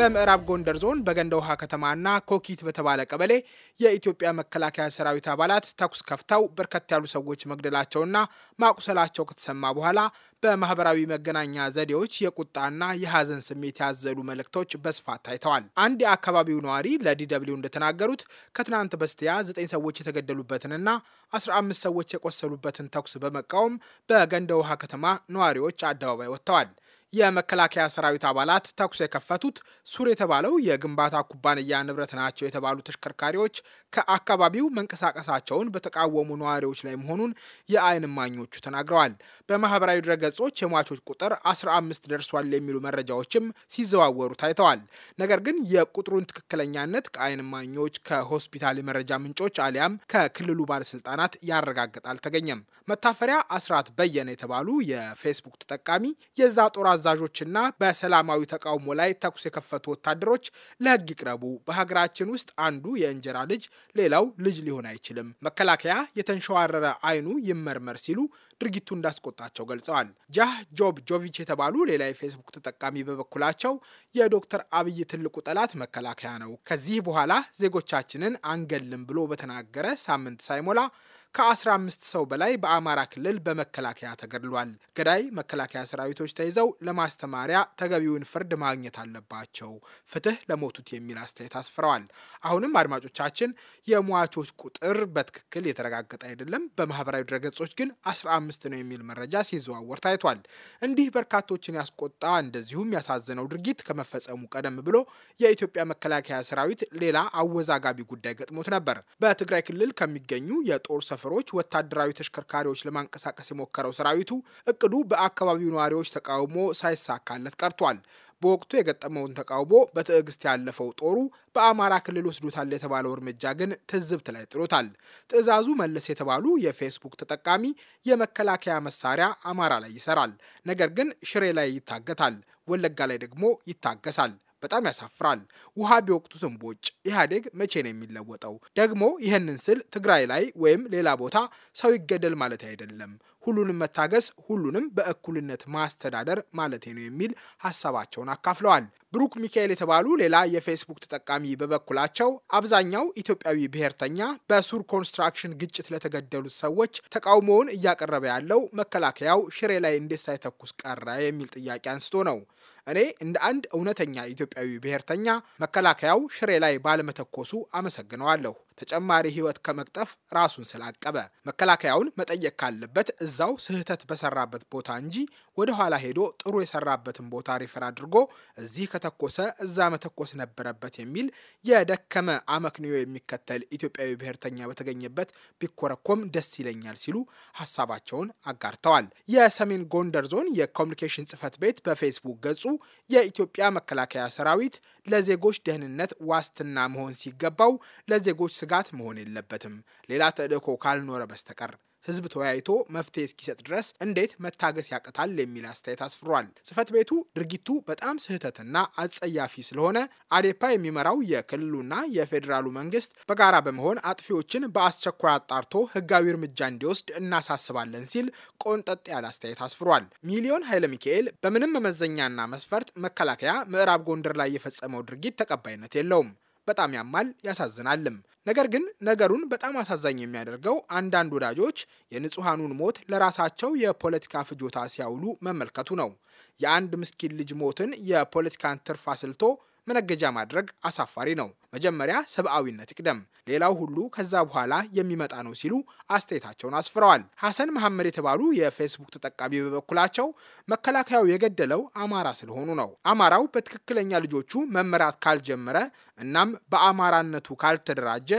በምዕራብ ጎንደር ዞን በገንደ ውሃ ከተማና ኮኪት በተባለ ቀበሌ የኢትዮጵያ መከላከያ ሰራዊት አባላት ተኩስ ከፍተው በርከት ያሉ ሰዎች መግደላቸውና ማቁሰላቸው ከተሰማ በኋላ በማህበራዊ መገናኛ ዘዴዎች የቁጣና የሐዘን ስሜት ያዘሉ መልእክቶች በስፋት ታይተዋል። አንድ የአካባቢው ነዋሪ ለዲደብሊው እንደተናገሩት ከትናንት በስቲያ ዘጠኝ ሰዎች የተገደሉበትንና 15 ሰዎች የቆሰሉበትን ተኩስ በመቃወም በገንደ ውሃ ከተማ ነዋሪዎች አደባባይ ወጥተዋል። የመከላከያ ሰራዊት አባላት ተኩስ የከፈቱት ሱር የተባለው የግንባታ ኩባንያ ንብረት ናቸው የተባሉ ተሽከርካሪዎች ከአካባቢው መንቀሳቀሳቸውን በተቃወሙ ነዋሪዎች ላይ መሆኑን የአይን እማኞቹ ተናግረዋል። በማህበራዊ ድረገጾች የሟቾች ቁጥር 15 ደርሷል የሚሉ መረጃዎችም ሲዘዋወሩ ታይተዋል። ነገር ግን የቁጥሩን ትክክለኛነት ከአይን እማኞች፣ ከሆስፒታል የመረጃ ምንጮች አሊያም ከክልሉ ባለስልጣናት ያረጋግጥ አልተገኘም። መታፈሪያ አስራት በየነ የተባሉ የፌስቡክ ተጠቃሚ የዛ ጦር አዛዦችና በሰላማዊ ተቃውሞ ላይ ተኩስ የከፈቱ ወታደሮች ለህግ ይቅረቡ። በሀገራችን ውስጥ አንዱ የእንጀራ ልጅ ሌላው ልጅ ሊሆን አይችልም። መከላከያ የተንሸዋረረ አይኑ ይመርመር ሲሉ ድርጊቱ እንዳስቆጣቸው ገልጸዋል። ጃህ ጆብ ጆቪች የተባሉ ሌላ የፌስቡክ ተጠቃሚ በበኩላቸው የዶክተር አብይ ትልቁ ጠላት መከላከያ ነው። ከዚህ በኋላ ዜጎቻችንን አንገልም ብሎ በተናገረ ሳምንት ሳይሞላ ከ15 ሰው በላይ በአማራ ክልል በመከላከያ ተገድሏል። ገዳይ መከላከያ ሰራዊቶች ተይዘው ለማስተማሪያ ተገቢውን ፍርድ ማግኘት አለባቸው፣ ፍትህ ለሞቱት የሚል አስተያየት አስፍረዋል። አሁንም አድማጮቻችን የሟቾች ቁጥር በትክክል የተረጋገጠ አይደለም። በማህበራዊ ድረገጾች ግን 15 ነው የሚል መረጃ ሲዘዋወር ታይቷል። እንዲህ በርካቶችን ያስቆጣ እንደዚሁም ያሳዘነው ድርጊት ከመፈጸሙ ቀደም ብሎ የኢትዮጵያ መከላከያ ሰራዊት ሌላ አወዛጋቢ ጉዳይ ገጥሞት ነበር። በትግራይ ክልል ከሚገኙ የጦር ሰፈሮች ወታደራዊ ተሽከርካሪዎች ለማንቀሳቀስ የሞከረው ሰራዊቱ እቅዱ በአካባቢው ነዋሪዎች ተቃውሞ ሳይሳካለት ቀርቷል። በወቅቱ የገጠመውን ተቃውሞ በትዕግስት ያለፈው ጦሩ በአማራ ክልል ወስዶታል የተባለው እርምጃ ግን ትዝብት ላይ ጥሎታል። ትዕዛዙ መለስ የተባሉ የፌስቡክ ተጠቃሚ የመከላከያ መሳሪያ አማራ ላይ ይሰራል፣ ነገር ግን ሽሬ ላይ ይታገታል፣ ወለጋ ላይ ደግሞ ይታገሳል። በጣም ያሳፍራል። ውሃ ቢወቅቱ ዝንቦጭ ኢህአዴግ መቼ ነው የሚለወጠው? ደግሞ ይህንን ስል ትግራይ ላይ ወይም ሌላ ቦታ ሰው ይገደል ማለት አይደለም። ሁሉንም መታገስ፣ ሁሉንም በእኩልነት ማስተዳደር ማለቴ ነው የሚል ሀሳባቸውን አካፍለዋል። ብሩክ ሚካኤል የተባሉ ሌላ የፌስቡክ ተጠቃሚ በበኩላቸው አብዛኛው ኢትዮጵያዊ ብሔርተኛ በሱር ኮንስትራክሽን ግጭት ለተገደሉት ሰዎች ተቃውሞውን እያቀረበ ያለው መከላከያው ሽሬ ላይ እንዴት ሳይተኩስ ቀረ የሚል ጥያቄ አንስቶ ነው። እኔ እንደ አንድ እውነተኛ ኢትዮጵያዊ ብሔርተኛ መከላከያው ሽሬ ላይ ባለመተኮሱ አመሰግነዋለሁ። ተጨማሪ ህይወት ከመቅጠፍ ራሱን ስላቀበ። መከላከያውን መጠየቅ ካለበት እዛው ስህተት በሰራበት ቦታ እንጂ ወደኋላ ሄዶ ጥሩ የሰራበትን ቦታ ሪፈር አድርጎ እዚህ ከተኮሰ እዛ መተኮስ ነበረበት የሚል የደከመ አመክንዮ የሚከተል ኢትዮጵያዊ ብሔርተኛ በተገኘበት ቢኮረኮም ደስ ይለኛል ሲሉ ሀሳባቸውን አጋርተዋል። የሰሜን ጎንደር ዞን የኮሚኒኬሽን ጽህፈት ቤት በፌስቡክ ገጹ የኢትዮጵያ መከላከያ ሰራዊት ለዜጎች ደህንነት ዋስትና መሆን ሲገባው ለዜጎች ስጋት መሆን የለበትም። ሌላ ተልዕኮ ካልኖረ በስተቀር ህዝብ ተወያይቶ መፍትሄ እስኪሰጥ ድረስ እንዴት መታገስ ያቅታል? የሚል አስተያየት አስፍሯል። ጽህፈት ቤቱ ድርጊቱ በጣም ስህተትና አጸያፊ ስለሆነ አዴፓ የሚመራው የክልሉና የፌዴራሉ መንግስት በጋራ በመሆን አጥፊዎችን በአስቸኳይ አጣርቶ ህጋዊ እርምጃ እንዲወስድ እናሳስባለን ሲል ቆንጠጥ ያለ አስተያየት አስፍሯል። ሚሊዮን ኃይለ ሚካኤል በምንም መመዘኛና መስፈርት መከላከያ ምዕራብ ጎንደር ላይ የፈጸመው ድርጊት ተቀባይነት የለውም። በጣም ያማል ያሳዝናልም። ነገር ግን ነገሩን በጣም አሳዛኝ የሚያደርገው አንዳንድ ወዳጆች የንጹሐኑን ሞት ለራሳቸው የፖለቲካ ፍጆታ ሲያውሉ መመልከቱ ነው። የአንድ ምስኪን ልጅ ሞትን የፖለቲካን ትርፍ አስልቶ መነገጃ ማድረግ አሳፋሪ ነው። መጀመሪያ ሰብአዊነት ይቅደም፣ ሌላው ሁሉ ከዛ በኋላ የሚመጣ ነው ሲሉ አስተያየታቸውን አስፍረዋል። ሐሰን መሐመድ የተባሉ የፌስቡክ ተጠቃሚ በበኩላቸው መከላከያው የገደለው አማራ ስለሆኑ ነው። አማራው በትክክለኛ ልጆቹ መመራት ካልጀመረ እናም በአማራነቱ ካልተደራጀ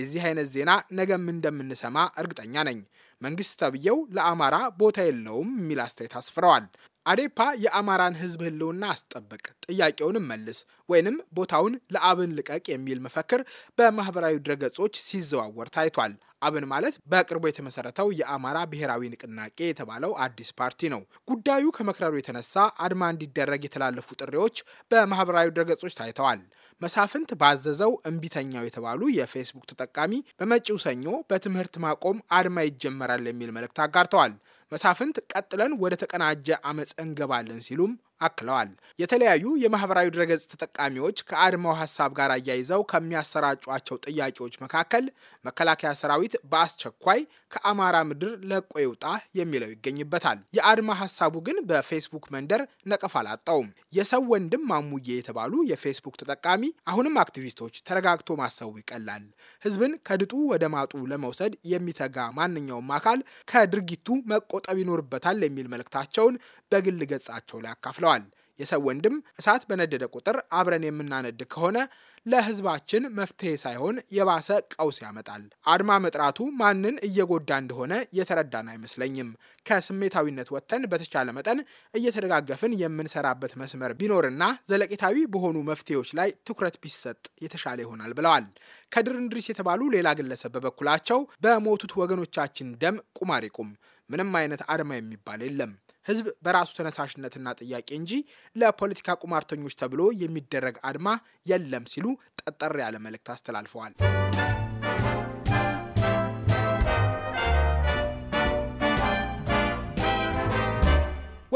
የዚህ አይነት ዜና ነገም እንደምንሰማ እርግጠኛ ነኝ። መንግስት ተብዬው ለአማራ ቦታ የለውም የሚል አስተያየት አስፍረዋል። አዴፓ የአማራን ህዝብ ህልውና አስጠብቅ፣ ጥያቄውንም መልስ ወይንም ቦታውን ለአብን ልቀቅ የሚል መፈክር በማህበራዊ ድረገጾች ሲዘዋወር ታይቷል። አብን ማለት በቅርቡ የተመሰረተው የአማራ ብሔራዊ ንቅናቄ የተባለው አዲስ ፓርቲ ነው። ጉዳዩ ከመክረሩ የተነሳ አድማ እንዲደረግ የተላለፉ ጥሪዎች በማህበራዊ ድረገጾች ታይተዋል። መሳፍንት ባዘዘው እምቢተኛው የተባሉ የፌስቡክ ተጠቃሚ በመጪው ሰኞ በትምህርት ማቆም አድማ ይጀመራል የሚል መልእክት አጋርተዋል። መሳፍንት ቀጥለን ወደ ተቀናጀ አመፅ እንገባለን ሲሉም አክለዋል። የተለያዩ የማህበራዊ ድረገጽ ተጠቃሚዎች ከአድማው ሀሳብ ጋር አያይዘው ከሚያሰራጯቸው ጥያቄዎች መካከል መከላከያ ሰራዊት በአስቸኳይ ከአማራ ምድር ለቆ ይውጣ የሚለው ይገኝበታል። የአድማ ሀሳቡ ግን በፌስቡክ መንደር ነቀፍ አላጣውም። የሰው ወንድም ማሙዬ የተባሉ የፌስቡክ ተጠቃሚ አሁንም አክቲቪስቶች ተረጋግቶ ማሰቡ ይቀላል፣ ህዝብን ከድጡ ወደ ማጡ ለመውሰድ የሚተጋ ማንኛውም አካል ከድርጊቱ መቆጠብ ይኖርበታል የሚል መልእክታቸውን በግል ገጻቸው ላይ አካፍለዋል። የሰው ወንድም እሳት በነደደ ቁጥር አብረን የምናነድ ከሆነ ለህዝባችን መፍትሄ ሳይሆን የባሰ ቀውስ ያመጣል። አድማ መጥራቱ ማንን እየጎዳ እንደሆነ የተረዳን አይመስለኝም። ከስሜታዊነት ወጥተን በተቻለ መጠን እየተደጋገፍን የምንሰራበት መስመር ቢኖርና ዘለቂታዊ በሆኑ መፍትሄዎች ላይ ትኩረት ቢሰጥ የተሻለ ይሆናል ብለዋል። ከድር እንድሪስ የተባሉ ሌላ ግለሰብ በበኩላቸው በሞቱት ወገኖቻችን ደም ቁማር ይቁም፣ ምንም አይነት አድማ የሚባል የለም ህዝብ በራሱ ተነሳሽነትና ጥያቄ እንጂ ለፖለቲካ ቁማርተኞች ተብሎ የሚደረግ አድማ የለም ሲሉ ጠጠር ያለ መልእክት አስተላልፈዋል።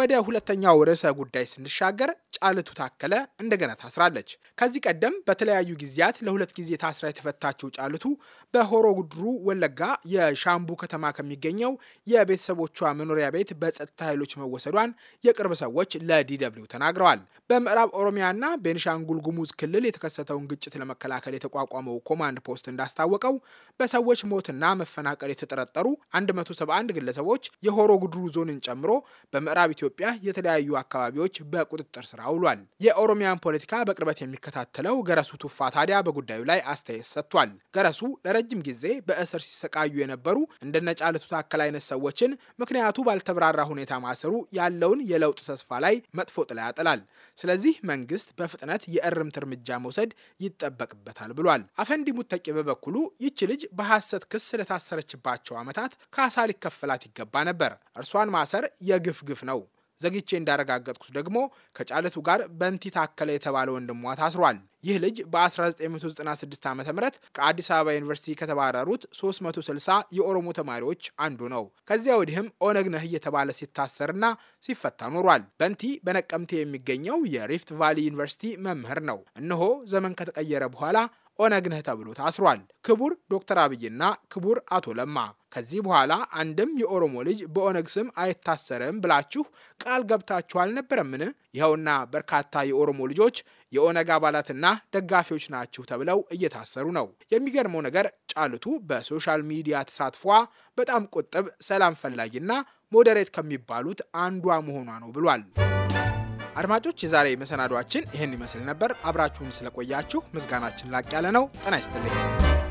ወደ ሁለተኛው ርዕሰ ጉዳይ ስንሻገር ጣልቱ ታከለ እንደገና ታስራለች። ከዚህ ቀደም በተለያዩ ጊዜያት ለሁለት ጊዜ ታስራ የተፈታችው ጫልቱ በሆሮ ጉድሩ ወለጋ የሻምቡ ከተማ ከሚገኘው የቤተሰቦቿ መኖሪያ ቤት በጸጥታ ኃይሎች መወሰዷን የቅርብ ሰዎች ለዲደብሊው ተናግረዋል። በምዕራብ ኦሮሚያና ቤንሻንጉል ጉሙዝ ክልል የተከሰተውን ግጭት ለመከላከል የተቋቋመው ኮማንድ ፖስት እንዳስታወቀው በሰዎች ሞትና መፈናቀል የተጠረጠሩ 171 ግለሰቦች የሆሮ ጉድሩ ዞንን ጨምሮ በምዕራብ ኢትዮጵያ የተለያዩ አካባቢዎች በቁጥጥር ስራ አውሏል። የኦሮሚያን ፖለቲካ በቅርበት የሚከታተለው ገረሱ ቱፋ ታዲያ በጉዳዩ ላይ አስተያየት ሰጥቷል። ገረሱ ለረጅም ጊዜ በእስር ሲሰቃዩ የነበሩ እንደነ ጫልቱ ታከል አይነት ሰዎችን ምክንያቱ ባልተብራራ ሁኔታ ማሰሩ ያለውን የለውጥ ተስፋ ላይ መጥፎ ጥላ ያጥላል። ስለዚህ መንግስት በፍጥነት የእርምት እርምጃ መውሰድ ይጠበቅበታል ብሏል። አፈንዲ ሙተቂ በበኩሉ ይቺ ልጅ በሐሰት ክስ ስለታሰረችባቸው ዓመታት ካሳ ሊከፈላት ይገባ ነበር። እርሷን ማሰር የግፍ ግፍ ነው። ዘግቼ እንዳረጋገጥኩት ደግሞ ከጫለቱ ጋር በንቲ ታከለ የተባለ ወንድሟ ታስሯል። ይህ ልጅ በ1996 ዓ ም ከአዲስ አበባ ዩኒቨርሲቲ ከተባረሩት 360 የኦሮሞ ተማሪዎች አንዱ ነው። ከዚያ ወዲህም ኦነግ ነህ እየተባለ ሲታሰርና ሲፈታ ኖሯል። በንቲ በነቀምቴ የሚገኘው የሪፍት ቫሊ ዩኒቨርሲቲ መምህር ነው። እነሆ ዘመን ከተቀየረ በኋላ ኦነግ ነህ ተብሎ ታስሯል። ክቡር ዶክተር አብይና ክቡር አቶ ለማ ከዚህ በኋላ አንድም የኦሮሞ ልጅ በኦነግ ስም አይታሰርም ብላችሁ ቃል ገብታችሁ አልነበረምን? ይኸውና በርካታ የኦሮሞ ልጆች የኦነግ አባላትና ደጋፊዎች ናችሁ ተብለው እየታሰሩ ነው። የሚገርመው ነገር ጫልቱ በሶሻል ሚዲያ ተሳትፏ በጣም ቁጥብ፣ ሰላም ፈላጊና ሞዴሬት ከሚባሉት አንዷ መሆኗ ነው ብሏል። አድማጮች የዛሬ መሰናዷችን ይህን ይመስል ነበር። አብራችሁን ስለቆያችሁ ምስጋናችን ላቅ ያለ ነው። ጤና ይስጥልኝ።